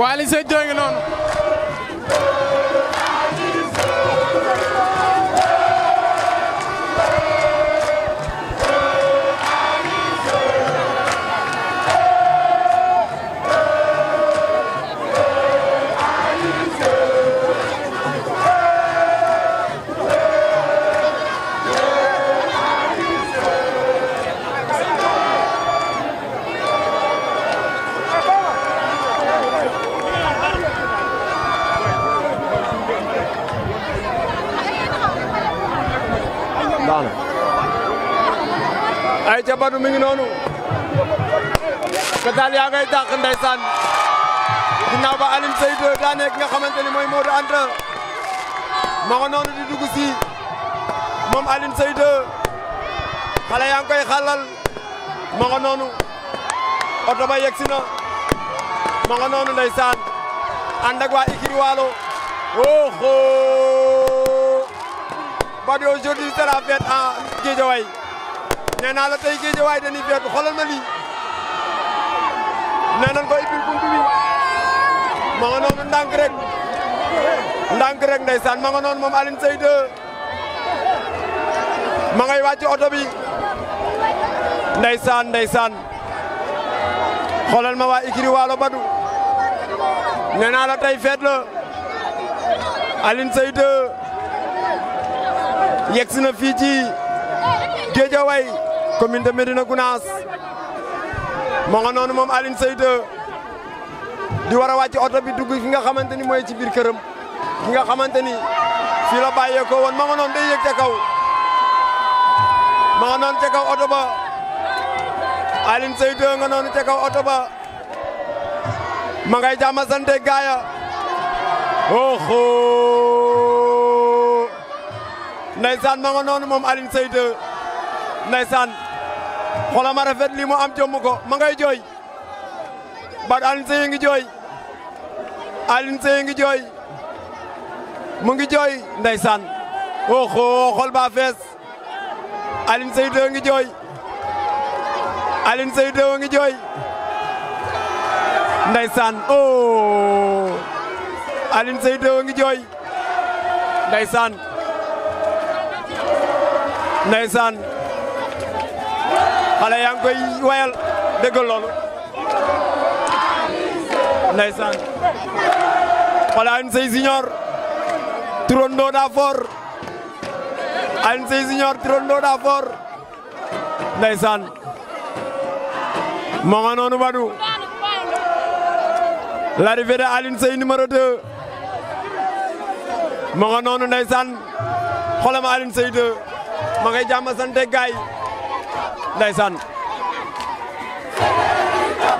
Wally Seck jooy ngi noonu ay ca Badou mi ngi noonu Fetal yaa ngay dàq ndeysaan ginnaaw ba Alioune Seye daanee ki nga xamante ni mooy Modou Anta ma noonu di dugg si moom Alioune Seye 2 yaa ngi koy xàllal noonu oto ba yegsi na noonu ndeysaan ànd ak waa Ikiri Waalo oh oh Badou aujourd'hui c'est la fête à Guédiawaye nee naa la tey géejawaay dañuy fekk xoolal ma lii nee nañ ko ibbil buntu ma nga noonu ndànk rek ndànk rek ndeysaan ma nga noonu moom Alioune Seye 2 ma ngay wàcc oto bi ndeysaan ndeysaan xoolal ma waa Ikiri Waalo Badu nee naa la tey feet la Alioune Seye 2 yegsi na fii ci Géejawaay commune de Médina Gounass moo nga noonu moom Alioune Seye di war a wàcc oto bi dugg fi nga xamante ni mooy ci biir këram nga xamante ni fii la bàyyeekoo woon ma nga noonu day yëg ca kaw ma nga noonu ca kaw oto ba Alioune Seye 2 nga noonu ca kaw oto ba ma ngay jàmma sante gaaya oho ndeysaan ma nga noonu moom Alioune Seye 2 ndeysaan xolam a rafet li mu am jëmm ko ma ngay jooy bat Alioune Seye ngi jooy Alioune Seye ngi jooy mu ngi jooy ndeysaan oxo xol baa fees Alioune Seye doo ngi jooy Alioune Seye doo ngi jooy ndeysaan oh Alioune Seye doo ngi jooy ndeysaan xale yaa ngi koy wayal déggal loolu ndeysaan xoola Alioune Seye Junior turandoo daa daa foor ndeysaan moo nga noonu Badou l'arrivée de Alioune Seye numéro 2 moo nga noonu ndeysaan xolam Alioune Seye 2 ma ngay jàmm sante gaay ndeysaan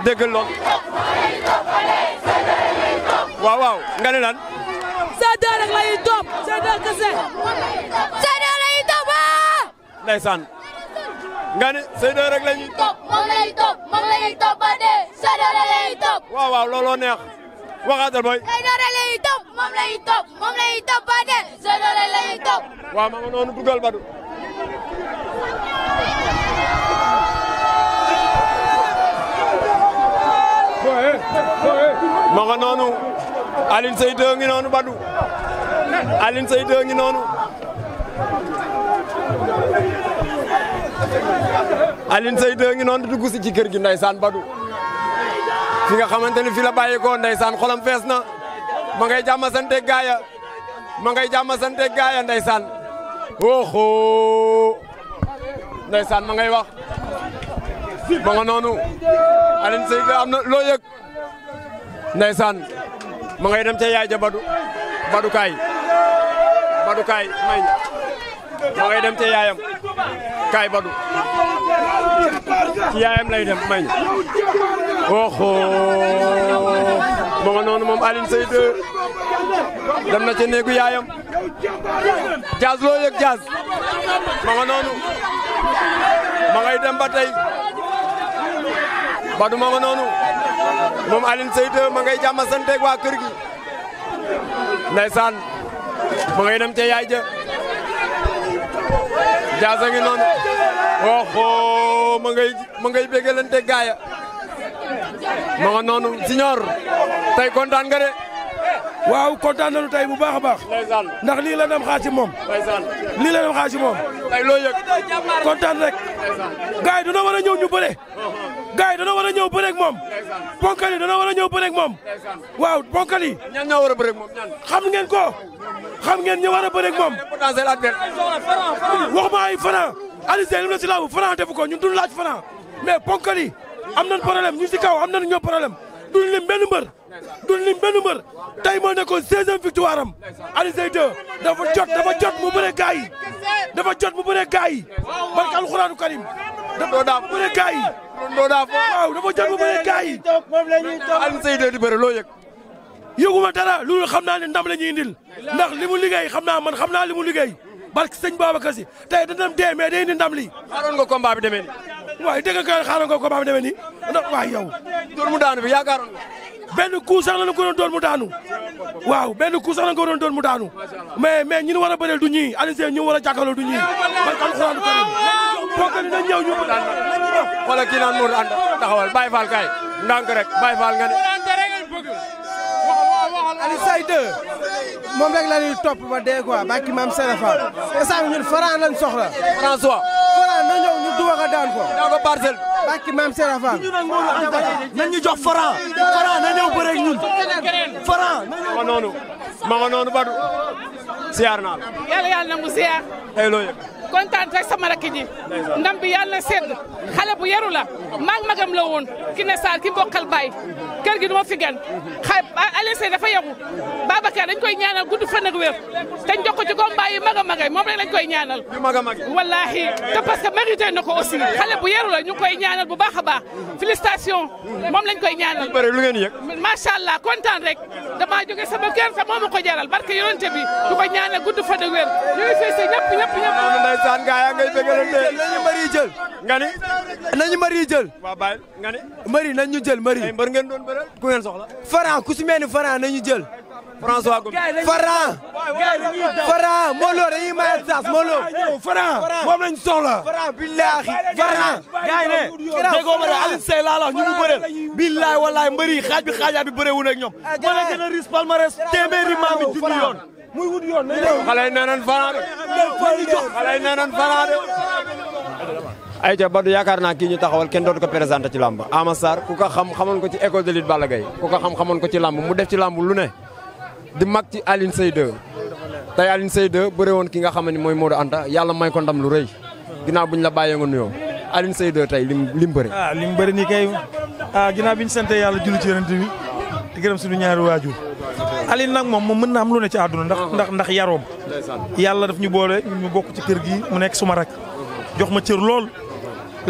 déggal lool waaw waaw nga ne lan seede rek la ñuy topp seede kese seede la ñuy topp ah! ndeysaan nga ne seede rek la ñuy topp moom la ñuy topp moom la ñuy topp ba dee seede rek la ñuy topp waaw waaw looloo neex waxaatal mooy seede rek la ñuy topp moom la ñuy topp moom la ñuy topp ba dee seede rek la ñuy topp waaw ma nga noonu dugal badu ma nga noonu Alioune Seye ngi noonu Badou Alioune Seye 2 ngi noonu Alioune Seye 2 ngi noonu dugg si ci kër gi ndeysaan Badou fi nga xamante ni fi la bàyyeekoo ndeysaan xolam fees na ma ngay jàmm sante gaaya ma ngay jàmm sante gaaya ndeysaan oho ndeysaan ma ngay wax ma nga noonu Alioune Seye 2 ndeysaan ma ngay dem ca yaay ja badu badukaay badukaay may ma ngay dem ca yaayam kaay badu ci yaayam lay dem may oxo ma nga noonu moom Alioune Seye 2 dem na ca néegu yaayam jaaz loo yëg ma nga noonu ma ngay dem ba tey Badou ma nga noonu moom Alioune Seye 2 ma ngay jàmm santeeg waa kër gi ndeysaan ma ngay dem ca yaay ja jaasa ngi noonu oxo ma ngay ma ngay bégalante gaaya ma nga noonu siñoor tey kontaan nga de waaw kontaan nañu tey bu baax a baax. ndax lii la dem xaar ci moom. lii la dem xaar ci moom. loo yëg kontaan rek. gars yi dina war a ñëw ñu bëre. Uh-huh. gars yi dana war a ñëw bëreeg moom. ponkal yi war a ñëw bëreeg moom. waaw ponkal yi. ñan war a bëreeg moom ñan. xam ngeen ko. xam ngeen ñu war a bëreeg moom. waxuma ay Franc. Alioune Seye lim la si laabu Franc defu ko ñun duñu laaj Franc mais ponkal yi am nañu problème ñu si kaw am nañu ñoom problème. duñ lim benn mbër duñ lim benn mbër tey moo nekkoon 16e victoire am Alioune Seye 2 dafa jot dafa jot mu bëre gaa dafa jot mu bëre gaa yi barke karim dafa jot mu dafa jot mu bëre gaa yi Alioune di bëre loo yëg yëguma dara loolu xam naa ne ndam la ñuy ndax li mu liggéey xam naa man xam naa li mu liggéey barke sëñ Babacar Si tey dana dem dee mais day indi ndam li xaaroon nga combat bi demee waaye dégg nga xaaral ko combat bi demee nii ndax waaye yow. door mu daanu bi yaakaaroon benn coup sax lañ ko doon mu daanu waaw benn coup sax lañ ko doon door mu daanu mais mais ñi ñu war a bëreel du ñii Alioune Seye ñu war a jàkkaarloo du ñii man alxuraan karim bokkali na ñëw ñu. wala kii naan Mourou ànd taxawal Baye Fall kay ndànk rek Baye Fall nga ne. Alioune Seye 2 moom rek la ñuy topp ba dee quoi bàkki maam Serapha. instant ñun Franc lañ soxla. François Franc na ñëw ko daan ko. daan ko parcelle. bàkki maam Serafal. nañ ñu jox Franc. Franc na ñëw bëre ñun. Franc. ma nga noonu siyaar naa la. na mu siyaar. tey kontaan rek sama rakk ji ndam bi yàlla na sedd bu yaru la maag magam la woon ki ne Sarr ki mbokkal baay kër gi du ma fi gan xay Alioune Seye dafa yaru Babacar dañ koy ñaanal gudd fan ak wér te ñu jox ko ci combat yi mag a magay moom rek lañ koy ñaanal wallahi te parce que mérité na ko aussi xale bu yaru la ñu koy ñaanal bu baax a baax félicitation moom lañ koy ñaanal lu ngeen yëg macha allah kontaan rek damaa jóge sama kër te moom a ko jaral barke yonente bi ñu koy ndeysaan gaa yaa ngay bëggalante nañu mari jël nga ni nañu mari jël waaw baay nga ni mari nañu jël mari mbër ngeen doon bëral ku ngeen soxla Franc ku si mel ni Franc nañu jël François Gomis Franc Franc moo a dañuy maye saas moo loo Franc moom lañ soxla Franc billaahi Franc gaay ne déggoo ma Alioune Seye laa la wax ñu mu billaahi wallaahi mbëri xaaj bi xaajaat bi wu ak ñoom ah, moo la gën a risque palmarès téeméeri maam yoon muy wut yoon na de. xale yi nee yaakaar naa kii ñu taxawal kenn dootu ko ci làmb Ama ku ko xam xamoon ko ci école de lutte Balla Gaye ku ko xam ci làmb mu def ci làmb lu ne di mag ci alin Seye 2 tey Alioune Seye bëre woon ki nga xam ne mooy Modou Anta yàlla may ko lu rëy ginnaaw buñ la bàyyee nga nuyoo Alioune Seye 2 tey lim lim bëri. ah lim bëri nii kay ah ginnaaw bi ñu sant yàlla julli ci yonent bi di gërëm suñu ñaari waajur Alioune nag moom moom mën na am lu ci àdduna ndax uh-huh. ndax ndax yaroom yàlla daf ñu boole ñu bokk ci kër gi mu nekk suma rak uh-huh. jox ma cër lool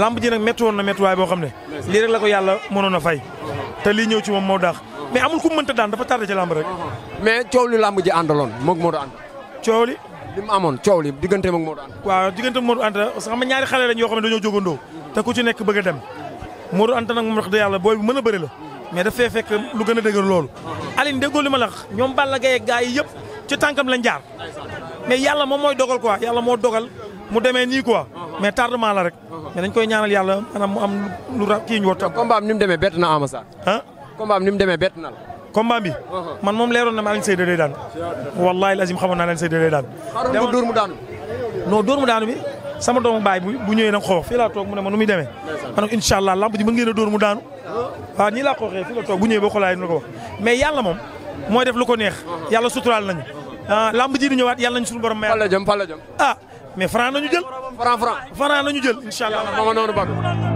lamb ji nag métti na méttiwaay boo xam ne lii rek la ko yàlla mënoon na fay uh-huh. te lii ñëw ci moom moo daax mais amul ku mënta daan dafa tardé ci lamb rek mais coow li lamb ji àndaloon moog moo daan coow li li amoon coow li diggante moog moo daan waaw diggante moo daan parce que xam nga ñaari xale lañ yoo xam ne dañoo jógandoo te ku ci nekk bëgg a dem moo daan yàlla booy bu mën a bëri la mais da fee fekk lu gën a dëgër loolu. Aline déggoo li ma la wax ñoom Balla Gaye ak yi yëpp ci tànkam lañ jaar mais yàlla moom mooy dogal quoi yàlla moo dogal mu demee nii quoi mais tardement la rek. mais dañ koy ñaanal yàlla maanaam mu am lu ra kii ñu war tam. ni mu demee bet na Ama Sarr. ah combat am ni mu demee bet na la. bi uh-huh. man moom leeroon na ma Alioune Seye da day daan. wallaahi lazim xamoon naa Alioune Seye da day daan. mu daanu. mu daanu bi. sama doomu baay bu bu ñëwee nag xoox fii laa toog mu ne ma nu muy demee ma ne ko incha allah lamb a dóor mu daanu waaw nii laa xooxee fii la toog bu ñëwee boo xolaay nu ko mais yàlla moom mooy def lu ko neex uh-huh. yàlla suturaal nañu uh-huh. ah, lamb ji di ñëwaat yàlla nañu suñu borom may ah mais franc nañu jël franc franc franc nañu jël incha allah ma nga